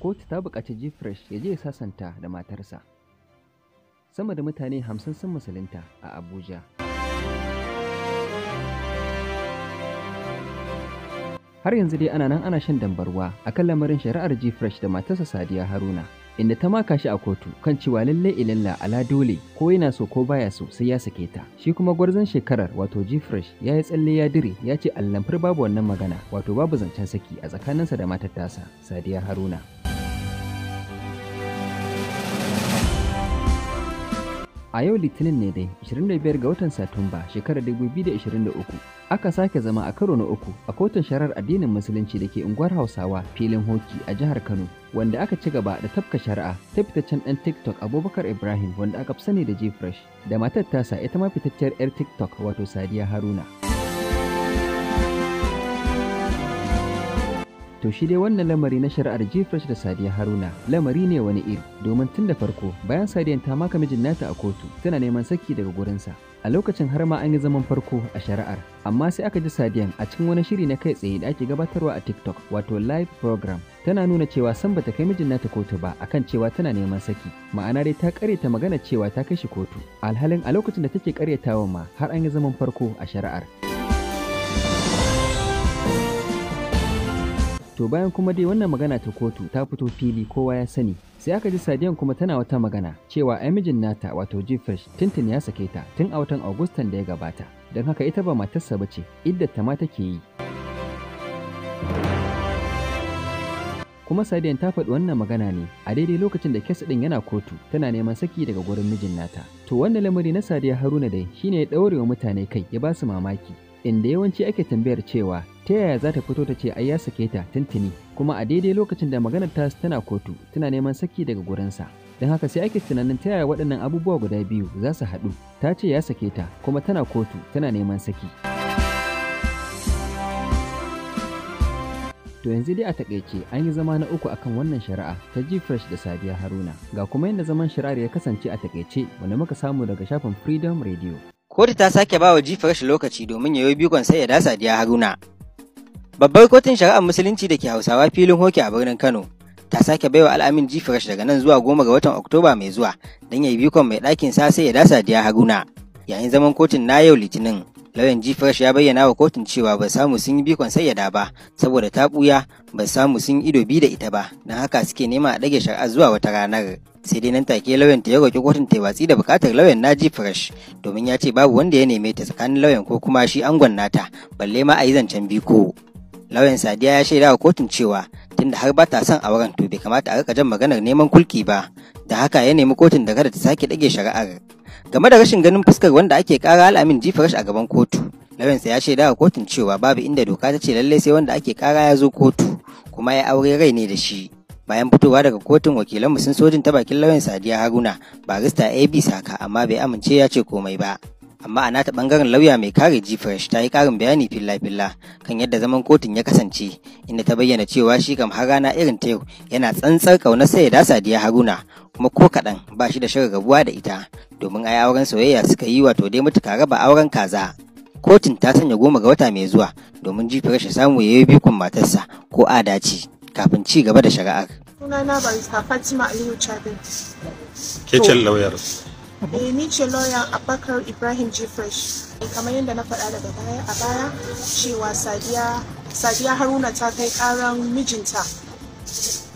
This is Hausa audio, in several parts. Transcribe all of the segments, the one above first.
kotu ta buƙaci jifresh ya je ya sasanta da matarsa sama da mutane hamsin sun musulunta a abuja har yanzu dai ana nan ana shan dambarwa akan lamarin shari'ar jifresh da matarsa sadiya haruna inda ta maka shi a kotu kan cewa lalle ilalla ala dole ko yana so ko baya so sai ya sake ta shi kuma gwarzon shekarar wato jifresh ya yi tsalle ya dire ya ce allamfar babu wannan magana wato babu zancen saki a tsakaninsa da matar sadiya haruna A yau Litinin ne dai 25 ga watan Satumba shekarar 2023 aka sake zama a karo na uku a kotun sharar addinin musulunci da ke unguwar Hausawa filin hoki a jihar Kano wanda aka ci gaba da tafka shari'a ta fitaccen ɗan TikTok Abubakar Ibrahim wanda aka fi sani da Jifresh da matar tasa ita ma fitacciyar 'yar TikTok wato Sadiya Haruna. To shi dai wannan lamari na shari'ar Jifresh da Sadiya Haruna lamari ne wani iri domin tun da farko bayan Sadiyan ta maka mijin nata a kotu tana neman saki daga gurinsa. A lokacin har ma an yi zaman farko a shari'ar amma sai aka ji Sadiyan a cikin wani shiri na kai tsaye da ake gabatarwa a TikTok wato live program tana nuna cewa san bata kai mijin nata kotu ba akan cewa tana neman saki ma'ana dai ta karyata magana cewa ta kai shi kotu alhalin a lokacin da take karyatawa ma har an yi zaman farko a shari'ar To bayan kuma dai wannan magana ta kotu ta fito fili kowa ya sani. Sai aka ji Sadiyan kuma tana wata magana cewa ai mijin nata wato Jifresh tintin ya sake ta tun a watan Agustan da ya gabata. Don haka ita ba matarsa ba ce, ta ma take yi. Kuma Sadiyan ta faɗi wannan magana ne a daidai lokacin da kes ɗin yana kotu tana neman saki daga gurin mijin nata. To wannan lamari na Sadiya Haruna dai shine ya ɗaure wa mutane kai ya ba su mamaki inda yawanci ake tambayar cewa ta yaya za ta fito ta ce ai ya sake ta tuntuni kuma a daidai lokacin da maganar ta tana kotu tana neman saki daga gurinsa don haka sai ake tunanin ta yaya waɗannan abubuwa guda biyu za su haɗu ta ce ya sake ta kuma tana kotu tana neman saki to yanzu dai a takaice an yi zama na uku akan wannan shari'a ta g fresh da sadiya haruna ga kuma yadda zaman shari'ar ya kasance a takaice wanda muka samu daga shafin freedom radio kotu ta sake ba wa jifa rashin lokaci domin ya yi bikon sai ya dasa diya haruna babbar kotun shari'ar musulunci da ke hausawa filin hoki a birnin kano ta sake baiwa al'amin rashin daga nan zuwa goma ga watan oktoba mai zuwa don ya yayi bikon mai ɗakin sa sai ya dasa diya haruna yayin zaman kotun na yau litinin lauyan g ya bayyana wa kotun cewa ba samu sun yi bikon sayyada ba saboda ta buya ba samu sun ido bi da ita ba don haka suke nema a dage shari'a zuwa wata ranar sai dai nan take lauyan ta ya roƙi kotun ta watsi da buƙatar lauyan na ji fresh domin ya ce babu wanda ya neme ta tsakanin lauyan ko kuma shi angon nata balle ma a yi zancen biko. lauyan sadiya ya shaida wa kotun cewa tunda har ba ta son auren to bai kamata a rika jan maganar neman kulki ba da haka ya nemi kotun da kada ta sake dage shari'ar Game da rashin ganin fuskar wanda ake kara alamin jifarar a gaban kotu, Lawrence ya shaida wa kotun cewa babu inda doka ta ce lallai sai wanda ake kara ya zo kotu kuma ya aure rai ne da shi. Bayan fitowa daga kotun wakilanmu sun sojin ta bakin Lawrence Sadiya Haruna, barista AB Saka amma bai amince ya ce komai ba. amma a nata bangaren lauya mai kare jifresh ta yi karin bayani filla-filla kan yadda zaman kotun ya kasance inda ta bayyana cewa shi kam har rana irin ta yau yana tsantsar kaunar sai ya da sadiya haruna kuma ko kaɗan ba shi da shirin rabuwa da ita domin ai auren soyayya suka yi wato dai mutuka raba auren kaza. Kotun ta sanya goma ga wata mai zuwa domin jifin rashin samu ya yi bikon matarsa ko adaci kafin ci gaba da shari'ar. Sunana barista Fatima Aliyu Chabin. Ke ce lauyar. Eh ni ce lawyer Abakar Ibrahim G. Fresh. Kamar yadda na faɗa daga baya a baya cewa Sadiya Haruna ta kai ƙaran mijinta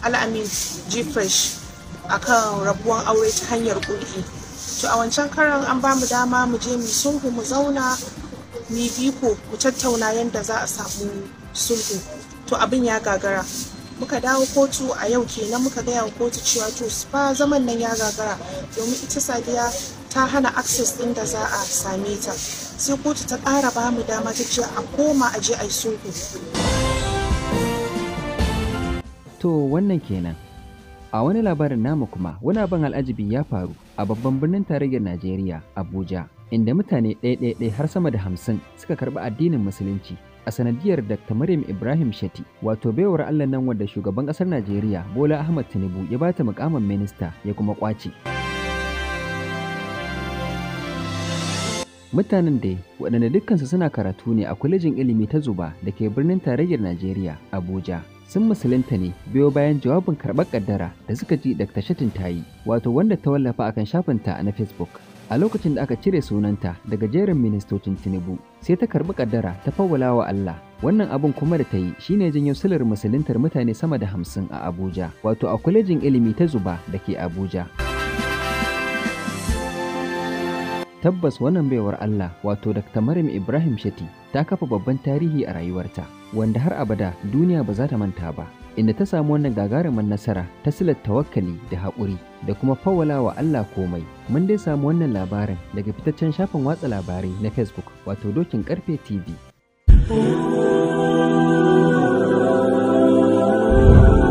Al'amin G. Fresh akan rabuwan aure ta hanyar kuɗi to a wancan karan an ba mu dama mu je mu sulhu mu zauna mu biko mu tattauna yadda za a samu sulhu to abin ya gagara muka dawo kotu a yau kenan muka gaya wa kotu cewa to fa zaman nan ya gagara domin ita sadiya ta hana access din da za a same ta sai kotu ta ƙara ba mu dama ta ce a koma a je a yi sulhu to wannan kenan a wani labarin namu kuma wani abin al'ajibi ya faru a babban birnin tarayyar Najeriya, Abuja, inda mutane ɗaya-ɗaya-ɗaya har sama da hamsin suka karɓi addinin Musulunci a sanadiyar Dr. Maryam Ibrahim Shetty, wato baiwar Allah nan wanda shugaban ƙasar Najeriya Bola Ahmad Tinubu ya bata mukamin minista ya kuma ƙwace. Mutanen dai waɗanda dukkansu suna karatu ne a kwalejin ilimi ta Zuba da ke birnin tarayyar Najeriya, Abuja. sun musulunta ne biyo bayan jawabin karɓar ƙaddara da suka ji Dr. Shatin ta yi, wato wanda ta wallafa akan ta na Facebook. A lokacin da aka cire sunanta daga jerin ministocin Tinubu, sai ta karɓi ƙaddara ta fawwala wa Allah. Wannan abun kuma da ta yi shine janyo silar musuluntar mutane sama da hamsin a Abuja, wato a kwalejin ilimi ta Zuba da ke Abuja. tabbas wannan baiwar Allah wato Dr. Maryam Ibrahim Shati ta kafa babban tarihi a rayuwarta wanda har abada duniya ba za ta manta ba inda ta samu wannan gagarumin nasara ta silar tawakkali da haƙuri da kuma fawwala wa Allah komai mun dai samu wannan labarin daga fitaccen shafin watsa labarai na Facebook wato dokin karfe TV.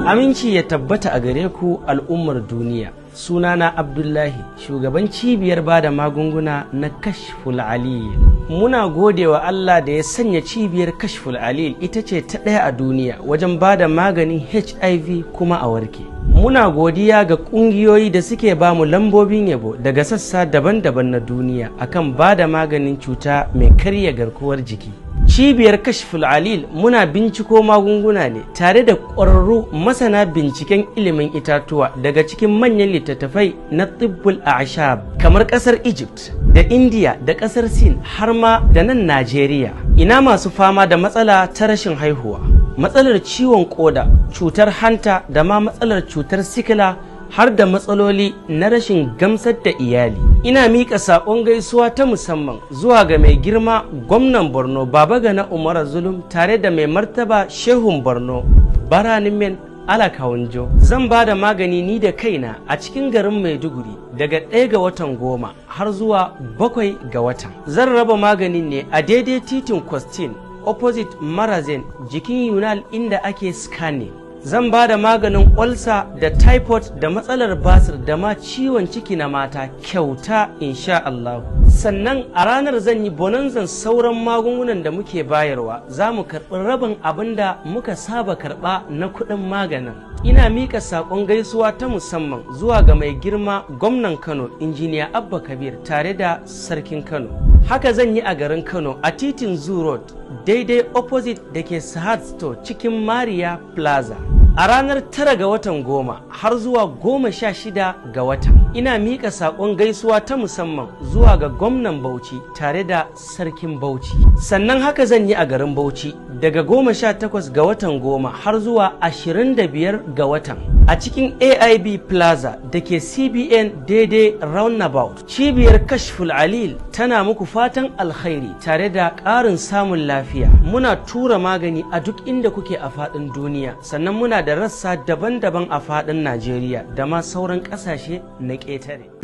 Aminci ya tabbata a gare ku al'ummar duniya. Sunana Abdullahi, shugaban cibiyar bada magunguna na Kashful Aliyu. Muna gode wa Allah da ya sanya cibiyar Kashful Aliyu ita ce ta ɗaya a duniya wajen ba da maganin HIV kuma a warke. Muna godiya ga ƙungiyoyi da suke ba mu lambobin yabo daga sassa daban-daban na duniya akan ba da maganin cuta mai karya garkuwar jiki. cibiyar kashful alil muna binciko magunguna ne tare da ƙwararru masana binciken ilimin itatuwa daga cikin manyan littattafai na tibbul ashab kamar ƙasar egypt da india da ƙasar sin har ma da nan najeriya ina masu fama da matsala ta rashin haihuwa matsalar ciwon koda cutar hanta da ma matsalar cutar sikila har da matsaloli na rashin gamsar da iyali ina miƙa saƙon gaisuwa ta musamman zuwa ga mai girma gwamnan borno baba ga na umar zulum tare da mai martaba shehun borno baranin men alakawunjo zan ba da magani ni da kaina a cikin garin maiduguri daga ɗaya ga watan goma har zuwa bakwai ga watan zan raba maganin ne a daidai titin kwastin opposite marazin jikin yunal inda ake scanning zan ba da maganin ulcer, da typhoid da matsalar basir da ma ciwon ciki na mata kyauta insha Allah. Sannan a ranar zan yi bonanzan sauran magungunan da muke bayarwa za mu karɓi rabin abin da muka saba karɓa na kuɗin maganin. Ina miƙa saƙon gaisuwa ta musamman zuwa ga mai girma gwamnan Kano injiniya Abba Kabir tare da sarkin Kano. Haka zan yi a garin Kano a titin Zoo Road daidai opposite da ke Sahad Store cikin Maria Plaza. a ranar tara ga watan goma har zuwa goma sha shida ga watan ina miƙa saƙon gaisuwa ta musamman zuwa ga gwamnan Bauchi tare da sarkin Bauchi. Sannan haka zan yi a garin Bauchi daga goma sha takwas ga watan goma har zuwa ashirin da biyar ga watan. A cikin AIB Plaza da ke CBN daidai roundabout cibiyar Kashful Alil tana muku fatan alkhairi tare da ƙarin samun lafiya. Muna tura magani a duk inda kuke a faɗin duniya sannan muna da rassa daban-daban a faɗin Najeriya da ma sauran ƙasashe na located